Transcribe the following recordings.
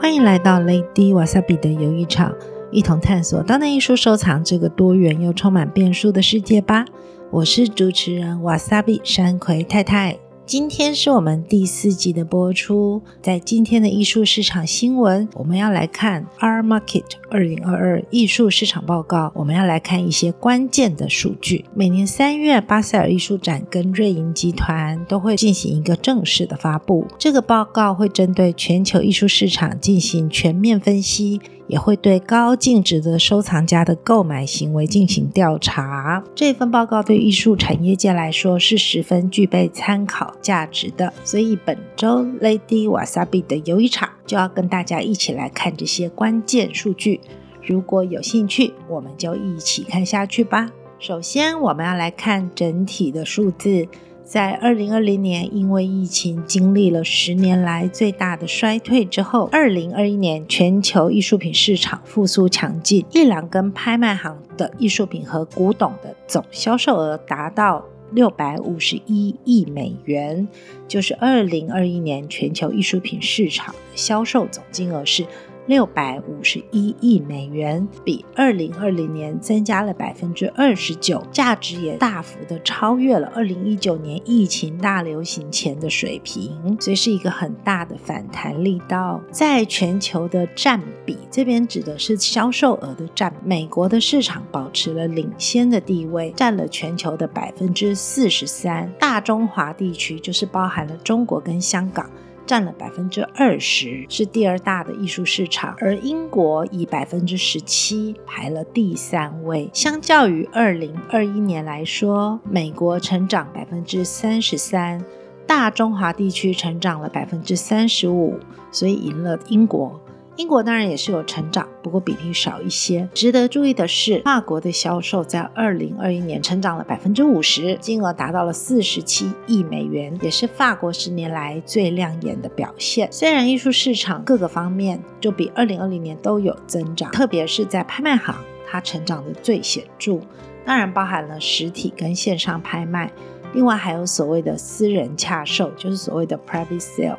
歡迎來到 Lady WASABI 的遊藝場，一同探索當代藝術收藏這個多元又充滿變數的世界吧！我是主持人 WASABI 山葵太太。今天是我們第四集的播出，在今天的藝術市場新聞，我們要來看 Art Market 二零二二藝術市場報告，我們要來看一些關鍵的數據。每年三月，巴塞爾藝術展跟瑞銀集團都會進行一個正式的發布，這個報告會針對全球藝術市場進行全面分析。也會對高淨值的收藏家的購買行為進行調查。這份報告對藝術產業界來說是十分具備參考價值的，所以本周 Lady Wasabi 的遊藝場就要跟大家一起來看這些關鍵數據。如果有興趣，我們就一起看下去吧。首先，我們要來看整體的數字。在二零二零年，因為疫情經歷了十年來最大的衰退之後，二零二一年全球藝術品市場復甦強勁，藝廊跟拍賣行的藝術品和古董的總銷售額達到六百五十一億美元，就是二零二一年全球藝術品市場的銷售總金額是。六百五十一億美元，比二零二零年增加了百分之二十九，價值也大幅的超越了二零一九年疫情大流行前的水平，所以是一個很大的反彈力道。在全球的佔比，這邊指的是銷售額的佔，美國的市場保持了領先的地位，佔了全球的百分之四十三。大中華地區就是包含了中國跟香港。佔了百分之二十，是第二大的藝術市場，而英國以百分之十七排了第三位。相較於二零二一年來說，美國成長百分之三十三，大中華地區成長了百分之三十五，所以贏了英國。英國當然也是有成長，不過比例少一些。值得注意的是，法國的銷售在二零二一年成長了百分之五十，金額達到了四十七億美元，也是法國十年來最亮眼的表現。雖然藝術市場各個方面就比二零二零年都有增長，特別是在拍賣行，它成長得最顯著，當然包含了實體跟線上拍賣，另外還有所謂的私人洽售，就是所謂的 private sale。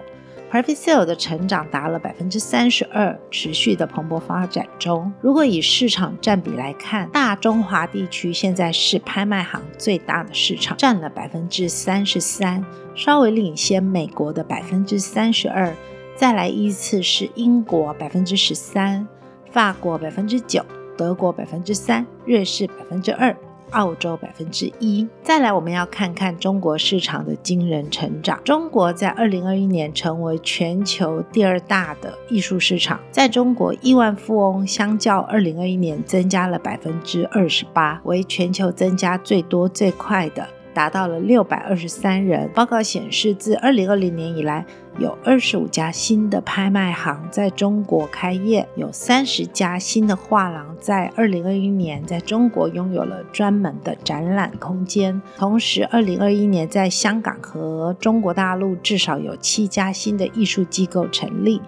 Private sale 的成長達了百分之三十二，持續的蓬勃發展中。如果以市場佔比來看，大中華地區現在是拍賣行最大的市場，佔了百分之三十三，稍微領先美國的百分之三十二。再來依次是英國百分之十三，法國百分之九，德國百分之三，瑞士百分之二。澳洲百分之一，再來，我們要看看中國市場的驚人成長。中國在二零二一年成為全球第二大的藝術市場。在中國，億萬富翁相較二零二一年增加了百分之二十八，為全球增加最多最快的，達到了六百二十三人。報告顯示，自二零二零年以來，有二十五家新的拍賣行在中國開業，有三十家新的畫廊在二零二一年在中國擁有了專門的展覽空間。同時，二零二一年在香港和中國大陸至少有七家新的藝術機構成立，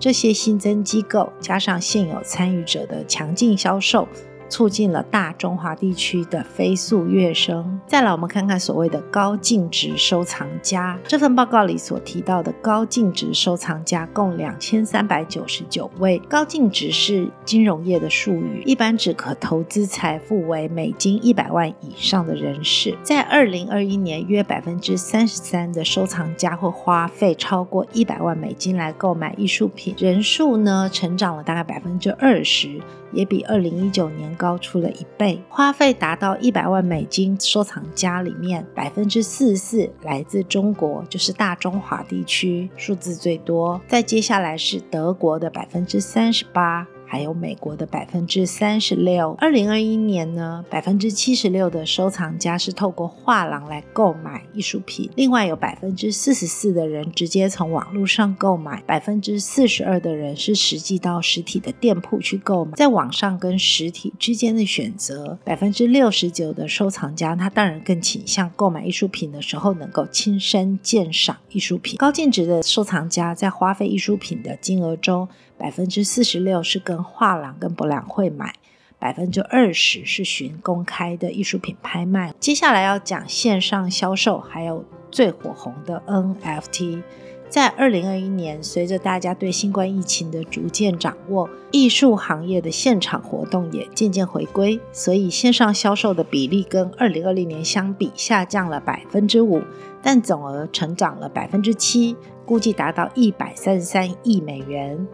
這些新增機構加上現有參與者的強勁銷售，促進了大中華地區的飛速躍升。再來，我們看看所謂的高淨值收藏家。這份報告裡所提到的高淨值收藏家共兩千三百九十九位。高淨值是金融業的術語，一般指可投資財富為美金一百萬以上的人士。在二零二一年約33，約百分之三十三的收藏家會花費超過一百萬美金來購買藝術品，人數呢成長了大概百分之二十，也比二零一九年，高出了一倍，花費達到一百萬美金，收藏家裡面百分之四十四來自中國，就是大中華地區，數字最多。再接下來是德國的百分之三十八。還有美國的百分之三十六，二零二一年呢，百分之七十六的收藏家是透過畫廊來購買藝術品，另外有百分之四十四的人直接從網絡上購買，百分之四十二的人是實際到實體的店鋪去購買，在網上跟實體之間的選擇，百分之六十九的收藏家，他當然更傾向購買藝術品的時候能夠親身鑑賞藝術品。高淨值的收藏家在花費藝術品的金額中。百分之四十六是跟畫廊跟博覽會買，百分之二十是循公開的藝術品拍賣。接下來要講線上銷售，還有最火紅的 NFT。在二零二一年，隨着大家對新冠疫情的逐漸掌握，藝術行業的現場活動也漸漸回歸，所以線上銷售的比例跟二零二零年相比下降了百分之五，但總額成長了百分之七，估計達到一百三十三億美元。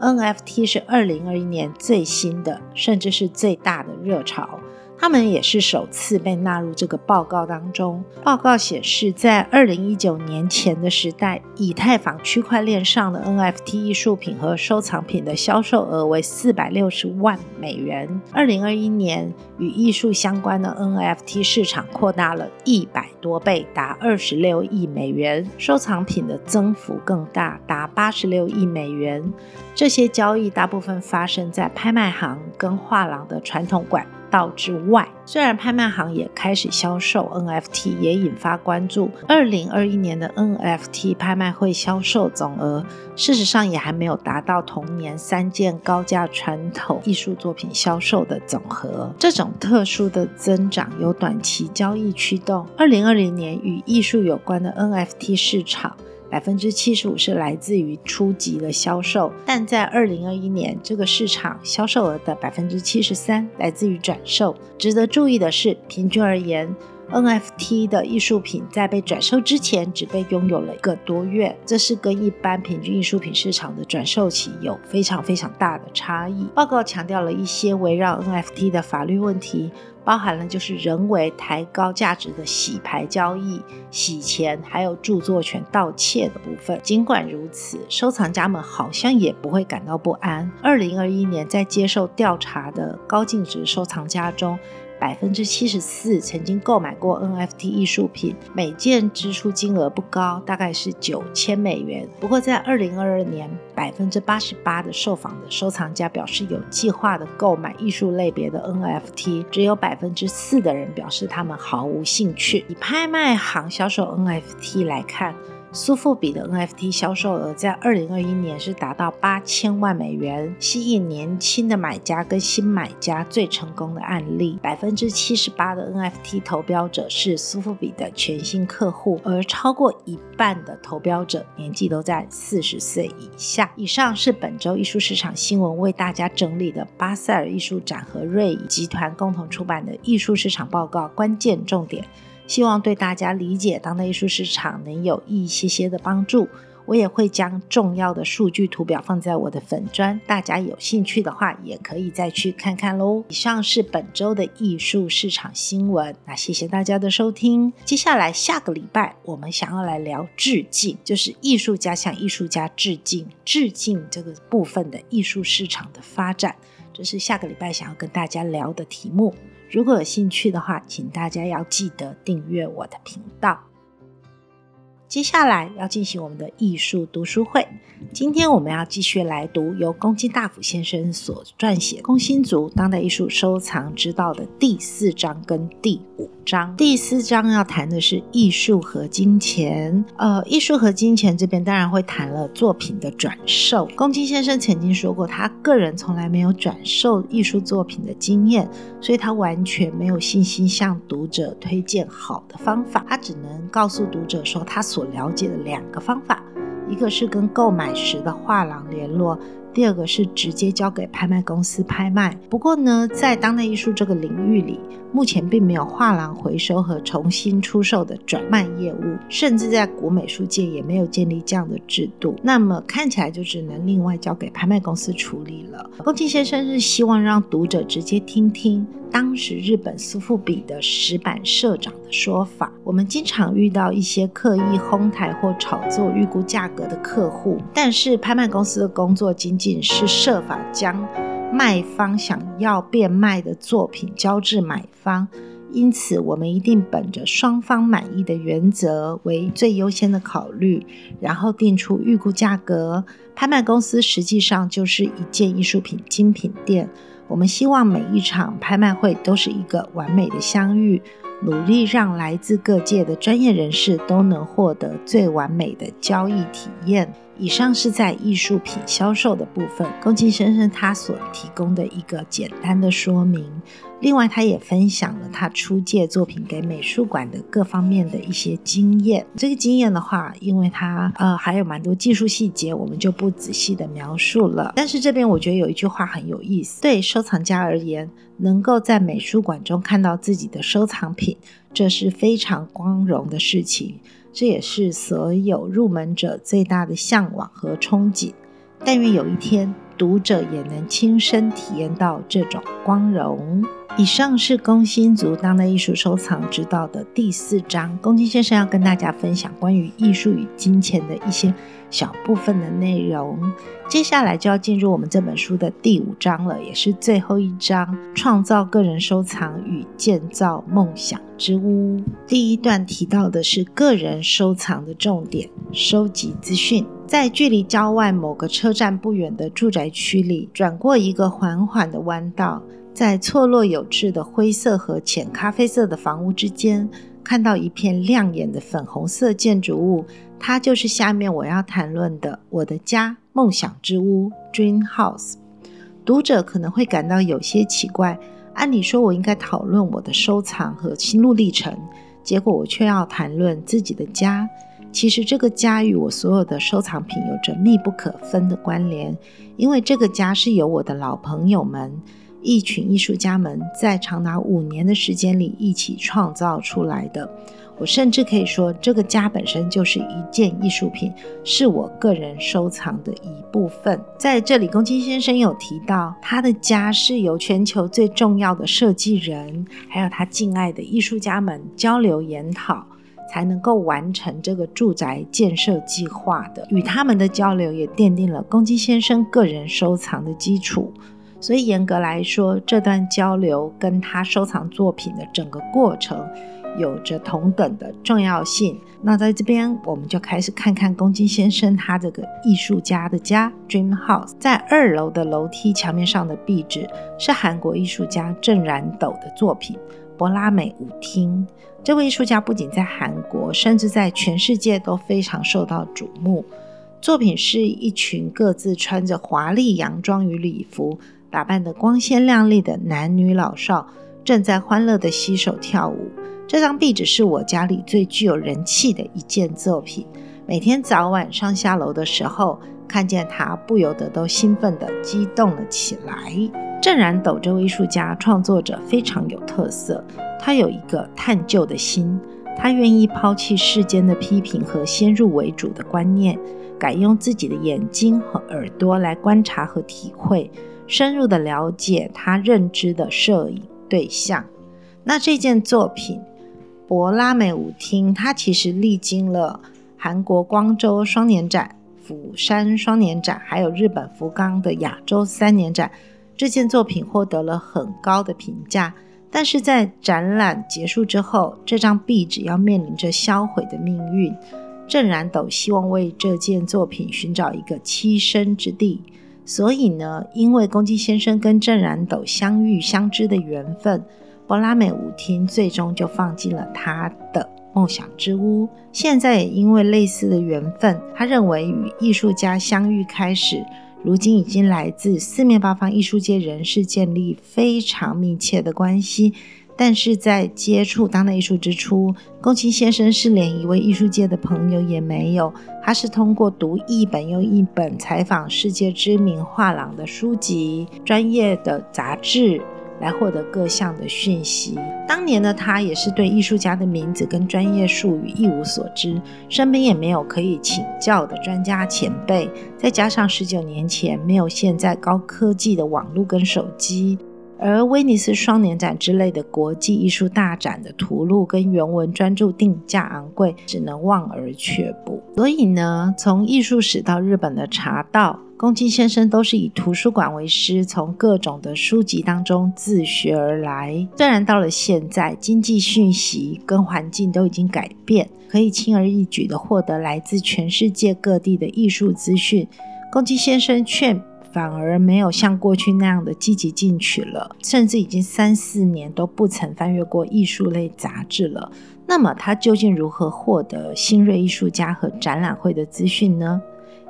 NFT 是二零二一年最新的，甚至是最大的熱潮。他們也是首次被納入這個報告當中。報告顯示，在二零一九年前的時代，以太坊區塊鏈上的 NFT 藝術品和收藏品的銷售額為四百六十萬美元。二零二一年，與藝術相關的 NFT 市場擴大了一百多倍，達二十六億美元。收藏品的增幅更大，達八十六億美元。這些交易大部分發生在拍賣行跟畫廊的傳統管道道之外，雖然拍賣行也開始銷售 NFT，也引發關注。二零二一年的 NFT 拍賣會銷售總額，事實上也還沒有達到同年三件高價傳統藝術作品銷售的總和。這種特殊的增長由短期交易驅動。二零二零年與藝術有關的 NFT 市場。百分之七十五是來自於初級的銷售，但在二零二一年，這個市場銷售額的百分之七十三來自於轉售。值得注意的是，平均而言，NFT 的藝術品在被轉售之前只被擁有了一個多月，這是跟一般平均藝術品市場的轉售期有非常非常大的差異。報告強調了一些圍繞 NFT 的法律問題。包含了就是人為抬高價值的洗牌交易、洗錢，還有著作權盜竊的部分。儘管如此，收藏家們好像也不會感到不安。二零二一年在接受調查的高淨值收藏家中，百分之七十四曾經購買過 NFT 藝術品，每件支出金額不高，大概是九千美元。不過在二零二二年，百分之八十八的受訪的收藏家表示有計劃的購買藝術類別的 NFT，只有百分之四的人表示他們毫無興趣。以拍賣行銷售 NFT 來看，蘇富比的 NFT 銷售額在二零二一年是達到八千萬美元，吸引年輕的買家跟新買家最成功的案例。百分之七十八的 NFT 投標者是蘇富比的全新客戶，而超過一半的投標者年紀都在四十歲以下。以上是本周藝術市場新聞為大家整理的巴塞爾藝術展和瑞銀集團共同出版的藝術市場報告關鍵重點。希望對大家理解當代藝術市場能有一些些的幫助。我也會將重要的數據圖表放在我的粉專，大家有興趣的話也可以再去看看嘍。以上是本周的藝術市場新聞，那謝謝大家的收聽。接下來下個禮拜我們想要來聊致敬，就是藝術家向藝術家致敬，致敬這個部分的藝術市場的發展，這是下個禮拜想要跟大家聊的題目。如果有興趣的話，請大家要記得訂閱我的頻道。接下來要進行我們的藝術讀書會。今天我們要繼續來讀由宮津大輔先生所撰寫《工薪族當代藝術收藏之道》的第四章跟第五章。第四章要談的是藝術和金錢。呃，藝術和金錢這邊當然會談了作品的轉售。宮津先生曾經說過，他個人從來沒有轉售藝術作品的經驗，所以他完全沒有信心向讀者推薦好的方法。他只能告訴讀者說，他所。所了解的兩個方法，一個是跟購買時的畫廊聯絡，第二個是直接交給拍賣公司拍賣。不過呢，在當代藝術這個領域裡，目前並沒有畫廊回收和重新出售的轉賣業務，甚至在古美術界也沒有建立這樣的制度。那麼看起來就只能另外交給拍賣公司處理了。宮津先生是希望讓讀者直接聽聽當時日本蘇富比的石板社長說法，我們經常遇到一些刻意哄抬或炒作預估價格的客戶，但是拍賣公司的工作僅僅是設法將賣方想要變賣的作品交至買方，因此我們一定本着雙方滿意的原則為最優先的考慮，然後定出預估價格。拍賣公司實際上就是一間藝術品精品店。我們希望每一場拍賣會都是一個完美的相遇，努力讓來自各界的專業人士都能獲得最完美的交易體驗。以上是在藝術品銷售的部分，宮津先生他所提供的一個簡單的說明。另外，他也分享了他出借作品給美術館的各方面的一些經驗。這個經驗的話，因為他呃還有蠻多技術細節，我們就不仔細地描述了。但是這邊我覺得有一句話很有意思：對收藏家而言，能夠在美術館中看到自己的收藏品，這是非常光榮的事情。這也是所有入門者最大的向往和憧憬。但願有一天，讀者也能親身體驗到這種光榮。以上是《工薪族當代藝術收藏之道》的第四章，工薪先生要跟大家分享關於藝術與金錢的一些小部分的內容。接下來就要進入我們這本書的第五章了，也是最後一章——創造個人收藏與建造夢想之屋。第一段提到的是個人收藏的重點：收集資訊。在距離郊外某個車站不遠的住宅區裡，轉過一個緩緩的彎道。在錯落有致的灰色和淺咖啡色的房屋之間，看到一片亮眼的粉紅色建築物，它就是下面我要談論的我的家——夢想之屋 （Dream House）。讀者可能會感到有些奇怪，按理說我應該討論我的收藏和心路歷程，結果我卻要談論自己的家。其實這個家與我所有的收藏品有着密不可分的關聯，因為這個家是由我的老朋友們，一群藝術家們在長達五年的時間裡一起創造出來的。我甚至可以說，這個家本身就是一件藝術品，是我個人收藏的一部分。在這裡，宮津先生有提到，他的家是由全球最重要的設計人，還有他敬愛的藝術家們交流研討，才能夠完成這個住宅建設計劃的。與他們的交流也奠定了宮津先生個人收藏的基礎。所以嚴格來說，這段交流跟他收藏作品的整個過程有着同等的重要性。那在這邊，我們就開始看看宮津先生他這個藝術家的家 Dream House，在二樓的樓梯牆面上的壁紙是韓國藝術家鄭然斗的作品《柏拉美舞廳》。這位藝術家不僅在韓國，甚至在全世界都非常受到矚目。作品是一群各自穿着華麗洋裝與禮服，打扮得光鮮亮麗的男女老少正在歡樂地攜手跳舞。這張壁紙是我家裡最具有人氣的一件作品。每天早晚上下樓的時候，看見它，不由得都興奮地激動了起來。鄭然斗這位藝術家創作者非常有特色。他有一個探究的心，他願意拋棄世間的批評和先入為主的觀念。改用自己的眼睛和耳朵來觀察和體會，深入地了解他認知的攝影對象。那這件作品《博拉美舞廳》，它其實歷經了韓國光州雙年展、釜山雙年展，還有日本福岡的亞洲三年展。這件作品獲得了很高的評價，但是在展覽結束之後，這張壁紙要面臨着銷毀的命運。鄭然斗希望為這件作品尋找一個棲身之地，所以呢，因為宮津先生跟鄭然斗相遇相知的緣分，柏拉美舞廳最終就放進了他的夢想之屋。現在也因為類似的緣分，他認為與藝術家相遇開始，如今已經來自四面八方藝術界人士建立非常密切的關係。但是在接觸當代藝術之初，宮津先生是連一位藝術界的朋友也沒有。他是通過讀一本又一本採訪世界知名畫廊的書籍、專業的雜誌來獲得各項的訊息。當年的他也是對藝術家的名字跟專業術語一無所知，身邊也沒有可以請教的專家前輩。再加上十九年前沒有現在高科技的網絡跟手機。而威尼斯雙年展之類的國際藝術大展的圖錄跟原文專著定價昂貴，只能望而卻步。所以呢，從藝術史到日本的茶道，宮津先生都是以圖書館為師，從各種的書籍當中自學而來。雖然到了現在，經濟訊息跟環境都已經改變，可以輕而易舉地獲得來自全世界各地的藝術資訊，宮津先生卻，反而沒有像過去那樣的積極進取了，甚至已經三四年都不曾翻閱過藝術類雜誌了。那麼他究竟如何獲得新銳藝術家和展覽會的資訊呢？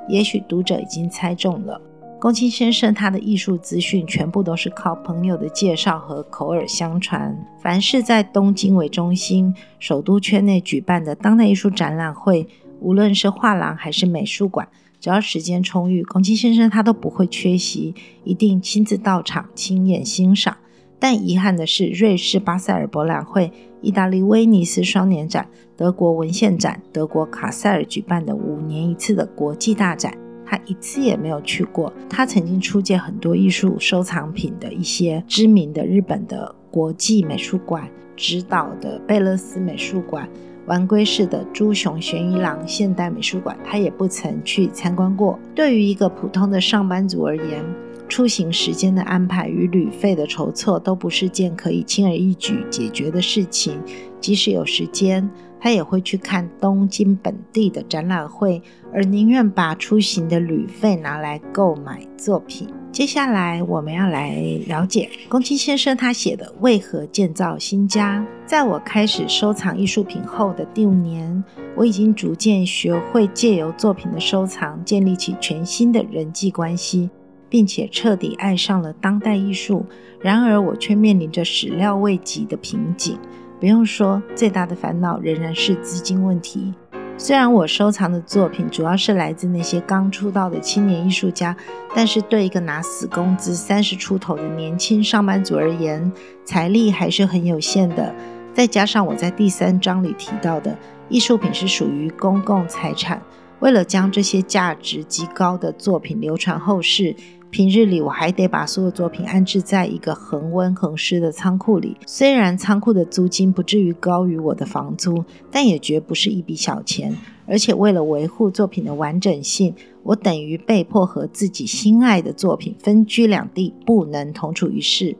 也許讀者已經猜中了，宮津先生他的藝術資訊全部都是靠朋友的介紹和口耳相傳。凡是在東京為中心、首都圈內舉辦的當代藝術展覽會，無論是畫廊還是美術館。只要時間充裕，宮津先生他都不會缺席，一定親自到場，親眼欣賞。但遺憾的是，瑞士巴塞爾博覽會、意大利威尼斯雙年展、德國文獻展、德國卡塞爾舉辦的五年一次的國際大展，他一次也沒有去過。他曾經出借很多藝術收藏品的一些知名的日本的國際美術館，指導的貝勒斯美術館。丸龜市的豬熊弦一郎現代美術館，他也不曾去參觀過。對於一個普通的上班族而言，出行時間的安排與旅費的籌措都不是件可以輕而易舉解決的事情。即使有時間。他也會去看東京本地的展覽會，而寧願把出行的旅費拿來購買作品。接下來，我們要來了解宮津先生他寫的《為何建造新家》。在我開始收藏藝術品後的第五年，我已經逐漸學會借由作品的收藏建立起全新的人際關係，並且徹底愛上了當代藝術。然而，我卻面臨着始料未及的瓶頸。不用說，最大的煩惱仍然是資金問題。雖然我收藏的作品主要是來自那些剛出道的青年藝術家，但是對一個拿死工資、三十出頭的年輕上班族而言，財力還是很有限的。再加上我在第三章裡提到的，藝術品是屬於公共財產，為了將這些價值極高的作品流傳後世，平日裡，我還得把所有作品安置在一個恆溫恆濕的倉庫裡。雖然倉庫的租金不至於高於我的房租，但也絕不是一筆小錢。而且，為了維護作品的完整性，我等於被迫和自己心愛的作品分居兩地，不能同處一室，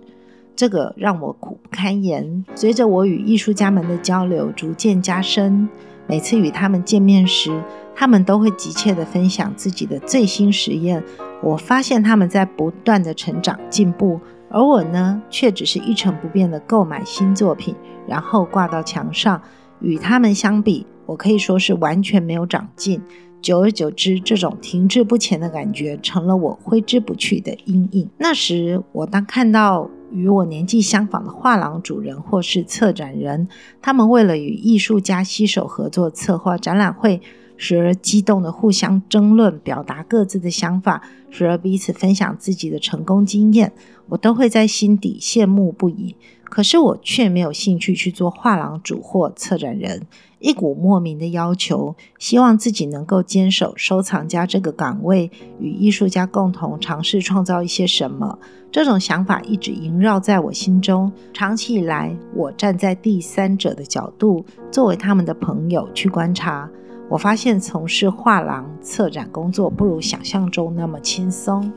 這個讓我苦不堪言。隨着我與藝術家們的交流逐漸加深，每次與他們見面時，他們都會急切地分享自己的最新實驗。我發現他們在不斷地成長進步，而我呢，卻只是一成不變地購買新作品，然後掛到牆上。與他們相比，我可以說是完全沒有長進。久而久之，這種停滯不前的感覺成了我揮之不去的陰影。那時，我當看到與我年紀相仿的畫廊主人或是策展人，他們為了與藝術家攜手合作策劃展覽會，時而激動的互相爭論，表達各自的想法；時而彼此分享自己的成功經驗，我都會在心底羨慕不已。可是我卻沒有興趣去做畫廊主或策展人，一股莫名的要求，希望自己能夠堅守收藏家這個崗位，與藝術家共同嘗試創造一些什麼。這種想法一直縈繞在我心中。長期以來，我站在第三者的角度，作為他們的朋友去觀察。我發現從事畫廊策展工作不如想象中那麼輕鬆。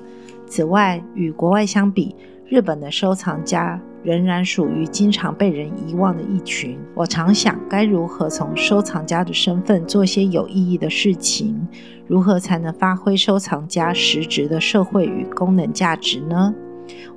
此外，與國外相比，日本的收藏家仍然屬於經常被人遺忘的一群。我常想，該如何從收藏家的身份做一些有意義的事情？如何才能發揮收藏家實質的社會與功能價值呢？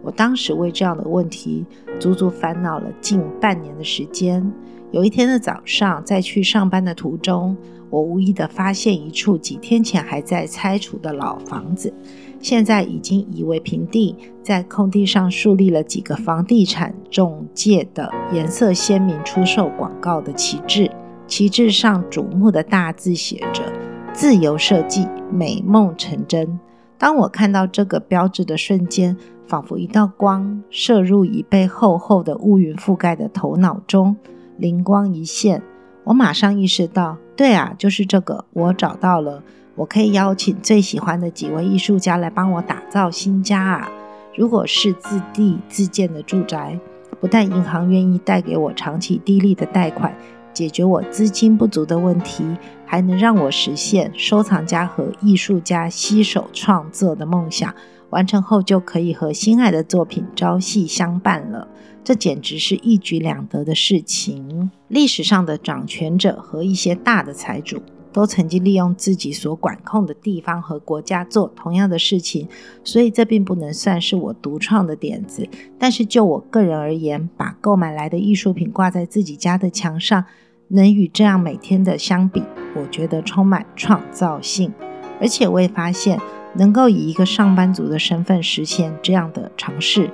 我當時為這樣的問題足足煩惱了近半年的時間。有一天的早上，在去上班的途中，我無意地發現一處幾天前還在拆除的老房子，現在已經夷為平地，在空地上樹立了幾個房地產中介的、顏色鮮明、出售廣告的旗幟。旗幟上矚目的大字寫着“自由設計，美夢成真”。當我看到這個標誌的瞬間，仿佛一道光射入已被厚厚的烏雲覆蓋的頭腦中。靈光一現，我馬上意識到，對啊，就是這個，我找到了，我可以邀請最喜歡的幾位藝術家來幫我打造新家啊！如果是自地自建的住宅，不但銀行願意貸給我長期低利的貸款，解決我資金不足的問題，還能讓我實現收藏家和藝術家攜手創作的夢想。完成後就可以和心愛的作品朝夕相伴了，這簡直是一舉兩得的事情。歷史上的掌權者和一些大的財主都曾經利用自己所管控的地方和國家做同樣的事情，所以這並不能算是我獨創的點子。但是就我個人而言，把購買來的藝術品掛在自己家的牆上，能與這樣每天的相比，我覺得充滿創造性。而且我也發現。能夠以一個上班族的身份實現這樣的嘗試，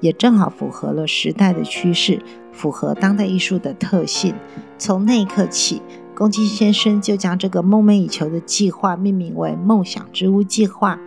也正好符合了時代的趨勢，符合當代藝術的特性。從那一刻起，宮津先生就將這個夢寐以求的計劃命名為“夢想之屋計劃”。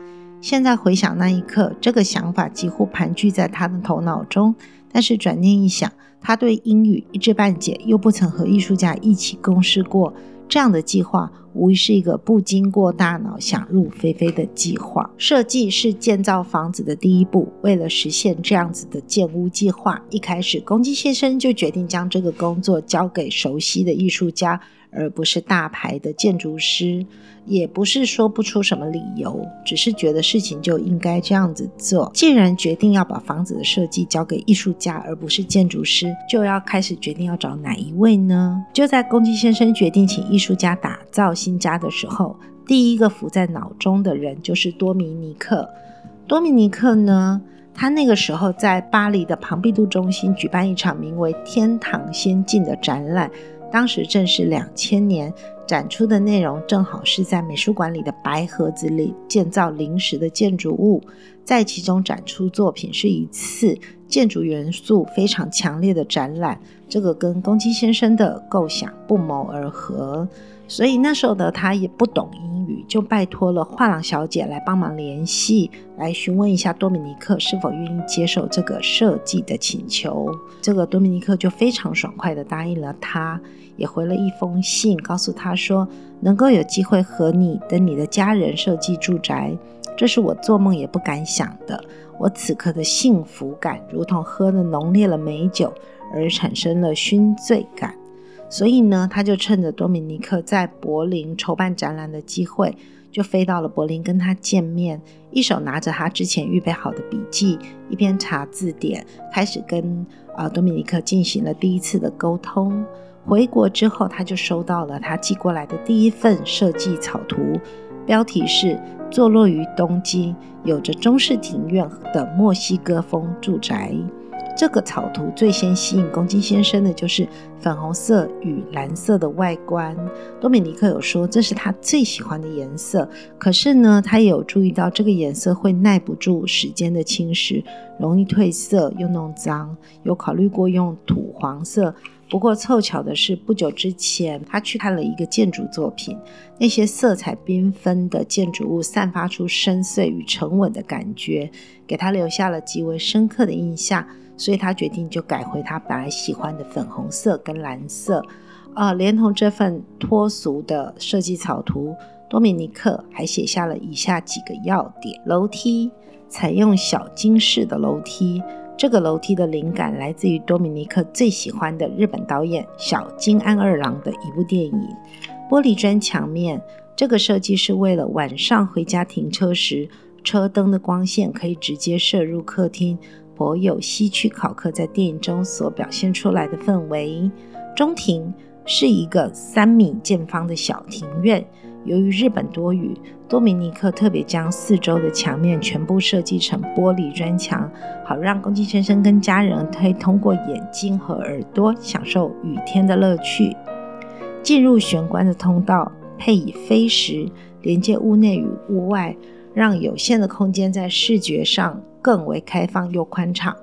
現在回想那一刻，這個想法幾乎盤踞在他的頭腦中。但是轉念一想，他對英語一知半解，又不曾和藝術家一起共事過。這樣的計劃無疑是一個不經過大腦、想入非非的計劃。設計是建造房子的第一步，為了實現這樣子的建屋計劃，一開始公雞先生就決定將這個工作交給熟悉的藝術家。而不是大牌的建築師，也不是說不出什麼理由，只是覺得事情就應該這樣子做。既然決定要把房子的設計交給藝術家，而不是建築師，就要開始決定要找哪一位呢？就在宮津先生決定請藝術家打造新家的時候，第一個浮在腦中的人就是多米尼克。多米尼克呢，他那個時候在巴黎的龐畢度中心舉辦一場名為《天堂仙境》的展覽。當時正是兩千年，展出的內容正好是在美術館裡的白盒子裡建造臨時的建築物，在其中展出作品，是一次建築元素非常強烈的展覽。這個跟宮津先生的構想不謀而合。所以那時候的他也不懂英語，就拜託了畫廊小姐來幫忙聯繫，來詢問一下多米尼克是否願意接受這個設計的請求。這個多米尼克就非常爽快地答應了他，他也回了一封信，告訴他說：“能夠有機會和你跟你的家人設計住宅，這是我做夢也不敢想的。我此刻的幸福感，如同喝了濃烈的美酒而產生了醺醉感。”所以呢，他就趁着多米尼克在柏林籌辦展覽的機會，就飛到了柏林跟他見面。一手拿着他之前預備好的筆記，一邊查字典，開始跟啊、呃、多米尼克進行了第一次的溝通。回國之後，他就收到了他寄過來的第一份設計草圖，標題是“坐落於東京，有着中式庭院的墨西哥風住宅”。這個草圖最先吸引宮津先生的就是粉紅色與藍色的外觀。多米尼克有說這是他最喜歡的顏色，可是呢，他也有注意到這個顏色會耐不住時間的侵蝕，容易褪色又弄髒。有考慮過用土黃色，不過湊巧的是，不久之前他去看了一個建築作品，那些色彩繽紛的建築物散發出深邃與沉穩的感覺，給他留下了極為深刻的印象。所以他決定就改回他本來喜歡的粉紅色跟藍色，啊、呃，連同這份脫俗的設計草圖，多米尼克還寫下了以下幾個要點：樓梯採用小津式的樓梯，這個樓梯的靈感來自於多米尼克最喜歡的日本導演小津安二郎的一部電影；玻璃磚牆面，這個設計是為了晚上回家停車時，車燈的光線可以直接射入客廳。頗有希區考克在電影中所表現出來的氛圍。中庭是一個三米見方的小庭院。由於日本多雨，多米尼克特別將四周的牆面全部設計成玻璃磚牆，好讓宮津先生跟家人可以通過眼睛和耳朵享受雨天的樂趣。進入玄關的通道配以飛石，連接屋內與屋外。讓有限的空間在視覺上更為開放又寬敞。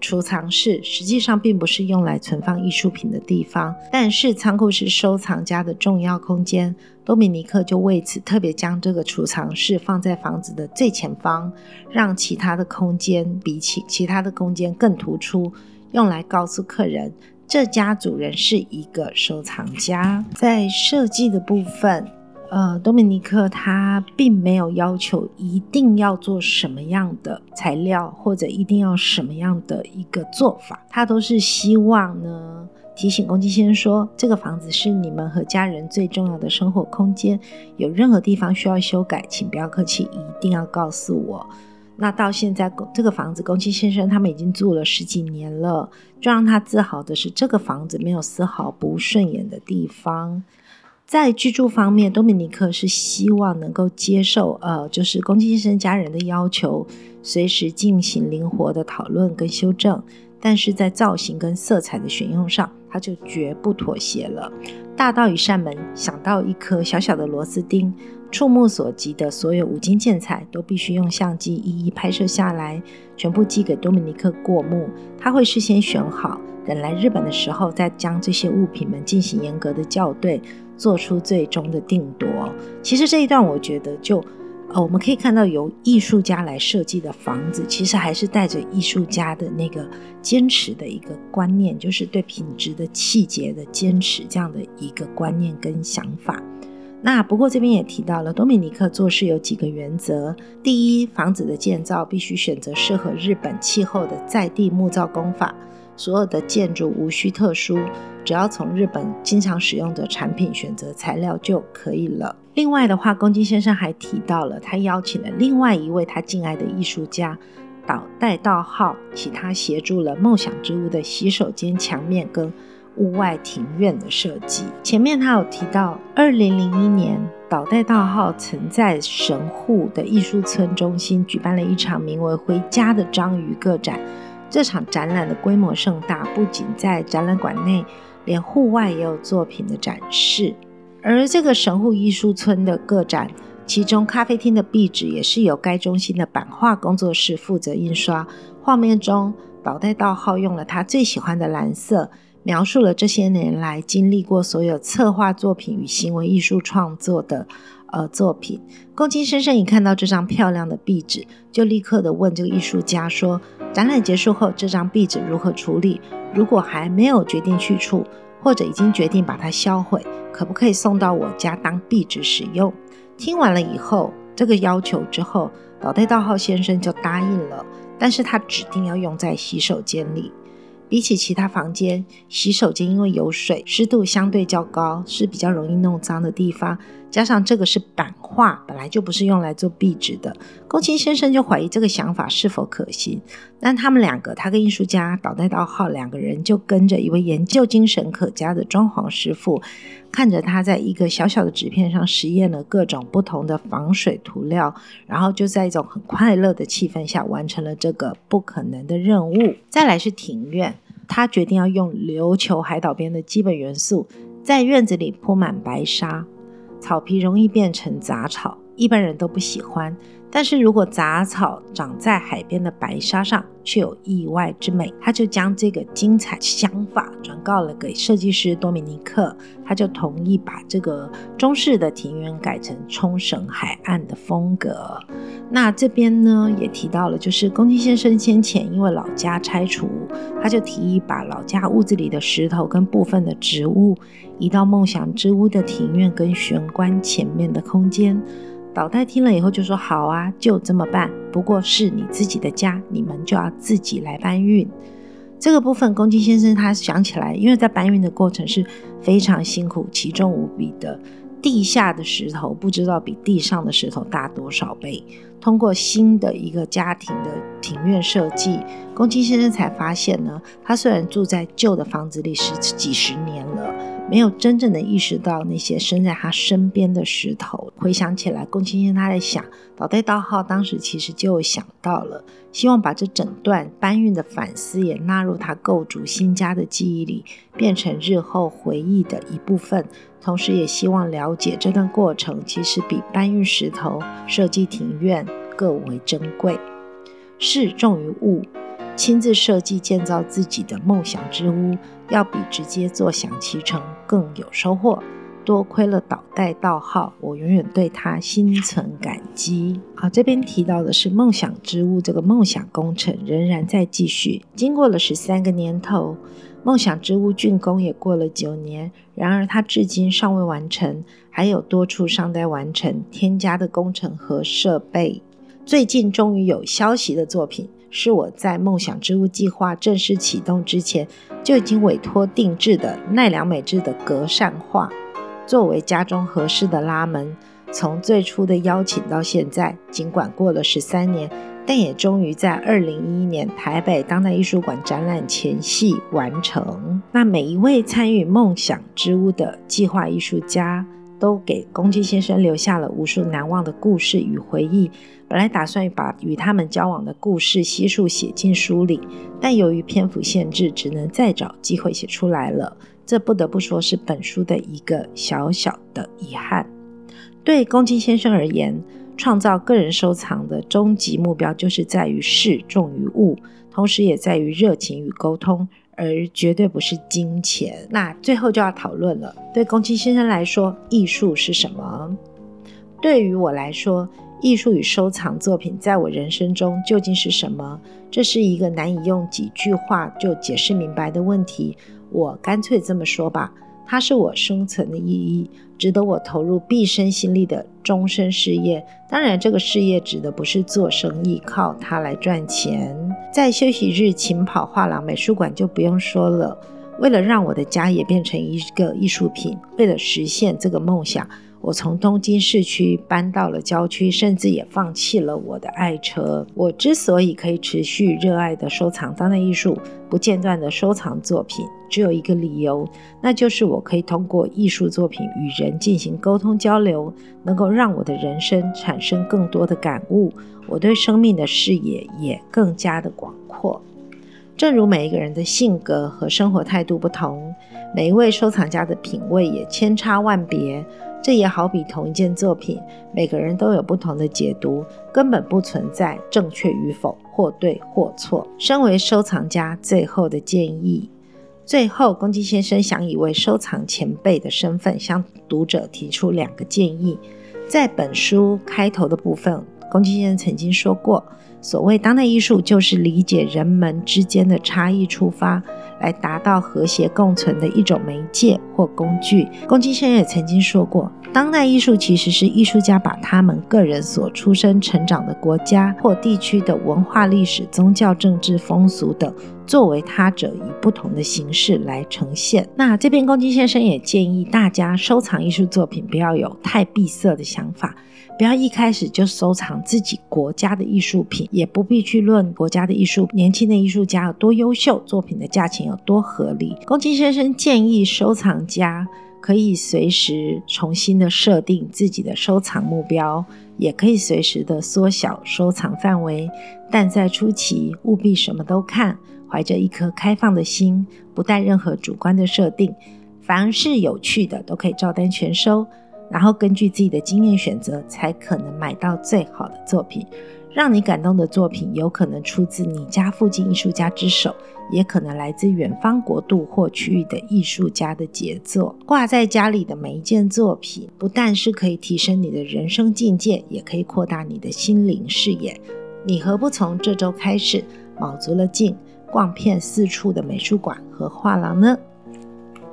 儲藏室實際上並不是用來存放藝術品的地方，但是倉庫是收藏家的重要空間。多米尼克就為此特別將這個儲藏室放在房子的最前方，讓其他的空間比起其他的空間更突出，用來告訴客人這家主人是一個收藏家。在設計的部分。呃，多米尼克他並沒有要求一定要做什麼樣的材料，或者一定要什麼樣的一個做法，他都是希望呢，提醒宮津先生說，這個房子是你們和家人最重要的生活空間，有任何地方需要修改，請不要客氣，一定要告訴我。那到現在，這個房子宮津先生他們已經住了十幾年了，最讓他自豪的是，這個房子沒有絲毫不順眼的地方。在居住方面，多米尼克是希望能夠接受，呃，就是宮津先生家人的要求，隨時進行靈活的討論跟修正。但是在造型跟色彩的選用上，他就絕不妥協了。大到一扇門，小到一顆小小的螺絲釘，觸目所及的所有五金建材都必須用相機一一拍攝下來，全部寄給多米尼克過目，他會事先選好，等來日本的時候再將這些物品們進行嚴格的校對，做出最終的定奪。其實這一段，我覺得就呃，我們可以看到由藝術家來設計的房子，其實還是帶着藝術家的那個堅持的一個觀念，就是對品質的細節的堅持這樣的一個觀念跟想法。那不過這邊也提到了，多米尼克做事有幾個原則：第一，房子的建造必須選擇適合日本氣候的在地木造工法；所有的建築無需特殊。只要從日本經常使用的產品選擇材料就可以了。另外的話，宮津先生還提到了，他邀請了另外一位他敬愛的藝術家島袋道浩替他協助了夢想之屋的洗手間牆面跟屋外庭院的設計。前面他有提到，二零零一年島袋道浩曾在神戶的藝術村中心舉辦了一場名為《回家》的章魚個展。這場展覽的規模盛大，不僅在展覽館內。連戶外也有作品的展示，而這個神戶藝術村的個展，其中咖啡廳的壁紙也是由該中心的版畫工作室負責印刷。畫面中，島袋道浩用了他最喜歡的藍色，描述了這些年來經歷過所有策劃作品與行為藝術創作的呃，作品，宮津先生一看到這張漂亮的壁紙，就立刻的問這個藝術家說：“展覽結束後，這張壁紙如何處理？如果還沒有決定去處，或者已經決定把它銷毀，可不可以送到我家當壁紙使用？”聽完了以後，這個要求之後，島袋道浩先生就答應了，但是他指定要用在洗手間裡。比起其他房間，洗手間因為有水，濕度相對較高，是比較容易弄髒的地方。加上這個是版畫，本來就不是用來做壁紙的。宮津先生就懷疑這個想法是否可行。但他們兩個，他跟藝術家島袋道浩兩個人，就跟着一位研究精神可嘉的裝潢師傅，看着他在一個小小的紙片上實驗了各種不同的防水塗料，然後就在一種很快樂的氣氛下完成了這個不可能的任務。再來是庭院，他決定要用琉球海島邊的基本元素，在院子裡鋪滿白沙。草皮容易變成雜草，一般人都不喜歡。但是如果雜草長在海邊的白沙上，卻有意外之美。他就將這個精彩想法轉告了給設計師多米尼克，他就同意把這個中式的庭院改成沖繩海岸的風格。那這邊呢，也提到了，就是宮津先生先前因為老家拆除，他就提議把老家屋子裡的石頭跟部分的植物。移到夢想之屋的庭院跟玄關前面的空間，老太聽了以後就說：“好啊，就這麼辦。不過是你自己的家，你們就要自己來搬運。”這個部分，宮津先生他想起來，因為在搬運的過程是非常辛苦、奇重無比的。地下的石頭不知道比地上的石頭大多少倍。通過新的一個家庭的庭院設計，宮津先生才發現呢。他雖然住在舊的房子裡十幾十年了，沒有真正的意識到那些身在他身邊的石頭。回想起來，宮津先生他在想，島袋道浩當時其實就想到了，希望把這整段搬運的反思也納入他構築新家的記憶裡，變成日後回憶的一部分。同時也希望了解這段過程，其實比搬運石頭、設計庭院更為珍貴。事重於物，親自設計建造自己的夢想之屋，要比直接坐享其成更有收穫。多虧了倒帶盜號，我永遠對他心存感激。好，這邊提到的是夢想之屋，這個夢想工程仍然在繼續，經過了十三個年頭。夢想之屋竣工也過了九年，然而它至今尚未完成，還有多處尚待完成添加的工程和設備。最近終於有消息的作品，是我在夢想之屋計劃正式啟動之前就已經委托定制的奈良美智的隔扇畫，作為家中合適的拉門。從最初的邀請到現在，儘管過了十三年。但也終於在二零一一年台北當代藝術館展覽前夕完成，那每一位參與夢想之屋的計劃藝術家，都給宮津先生留下了無數難忘的故事與回憶。本來打算把與他們交往的故事悉數寫進書裡，但由於篇幅限制，只能再找機會寫出來了，這不得不說是本書的一個小小的遺憾。對宮津先生而言，創造個人收藏的終極目標，就是在於事重於物，同時也在於熱情與溝通，而絕對不是金錢。那最後就要討論了，對宮津先生來說，藝術是什麼？對於我來說，藝術與收藏作品，在我人生中究竟是什麼？這是一個難以用幾句話就解釋明白的問題。我乾脆這麼說吧。它是我生存的意義，值得我投入畢生心力的終身事業。當然，這個事業指的不是做生意，靠它來賺錢。在休息日，勤跑畫廊、美術館就不用說了。為了讓我的家也變成一個藝術品，為了實現這個夢想。我從東京市區搬到了郊區，甚至也放棄了我的愛車。我之所以可以持續熱愛的收藏當代藝術，不間斷的收藏作品，只有一個理由，那就是我可以通過藝術作品與人進行溝通交流，能夠讓我的人生產生更多的感悟，我對生命的視野也更加的廣闊。正如每一個人的性格和生活態度不同，每一位收藏家的品味也千差萬別。這也好比同一件作品，每個人都有不同的解讀，根本不存在正確與否或對或錯。身為收藏家，最後的建議，最後，宮津先生想以一位收藏前輩的身份，向讀者提出兩個建議。在本書開頭的部分，宮津先生曾經說過。所謂當代藝術，就是理解人們之間的差異出發，來達到和諧共存的一種媒介或工具。宮津先生也曾經說過。當代藝術其實是藝術家把他們個人所出生、成長的國家或地區的文化、歷史、宗教、政治、風俗等作為他者，以不同的形式來呈現。那這邊宮津先生也建議大家收藏藝術作品，不要有太閉塞的想法，不要一開始就收藏自己國家的藝術品，也不必去論國家的藝術，年輕的藝術家有多優秀，作品的價錢有多合理。宮津先生建議收藏家。可以隨時重新的設定自己的收藏目標，也可以隨時的縮小收藏範圍。但在初期務必什麼都看，懷着一顆開放的心，不帶任何主觀的設定，凡是有趣的都可以照單全收，然後根據自己的經驗選擇，才可能買到最好的作品。讓你感動的作品，有可能出自你家附近藝術家之手，也可能來自遠方國度或區域的藝術家的傑作。掛在家裡的每一件作品，不但是可以提升你的人生境界，也可以擴大你的心靈視野。你何不從這周開始，卯足了勁逛遍四處的美術館和畫廊呢？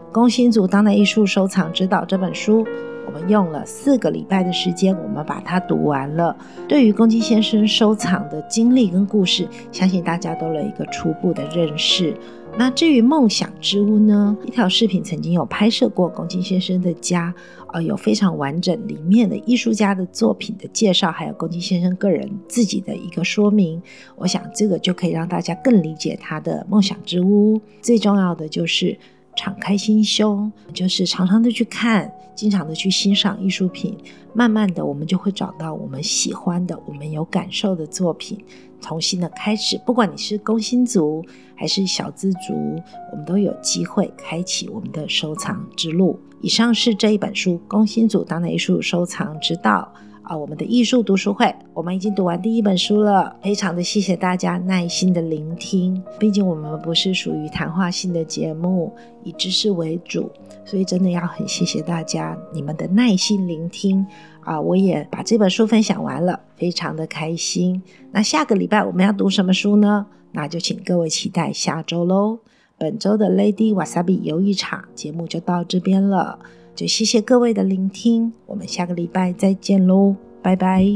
《工薪族當代藝術收藏之道》這本書。我們用了四個禮拜的時間，我們把它讀完了。對於宮津先生收藏的經歷跟故事，相信大家都有一個初步的認識。那至於夢想之屋呢？一條視頻曾經有拍攝過宮津先生的家，呃，有非常完整裡面的藝術家的作品的介紹，還有宮津先生個人自己的一個說明。我想這個就可以讓大家更理解他的夢想之屋。最重要的就是。敞開心胸，就是常常的去看，經常的去欣賞藝術品，慢慢的我們就會找到我們喜歡的、我們有感受的作品。重新的開始，不管你是工薪族還是小資族，我們都有機會開啟我們的收藏之路。以上是這一本書《工薪族當代藝術收藏之道》。啊，我們的藝術讀書會，我們已經讀完第一本書了，非常的謝謝大家耐心的聆聽。畢竟我們不是屬於談話性的節目，以知識為主，所以真的要很謝謝大家你們的耐心聆聽。啊，我也把這本書分享完了，非常的開心。那下個禮拜我們要讀什麼書呢？那就請各位期待下周嘍。本周的 Lady Wasabi 遊藝場節目就到這邊了。就謝謝各位的聆聽，我們下個禮拜再見嘍，拜拜。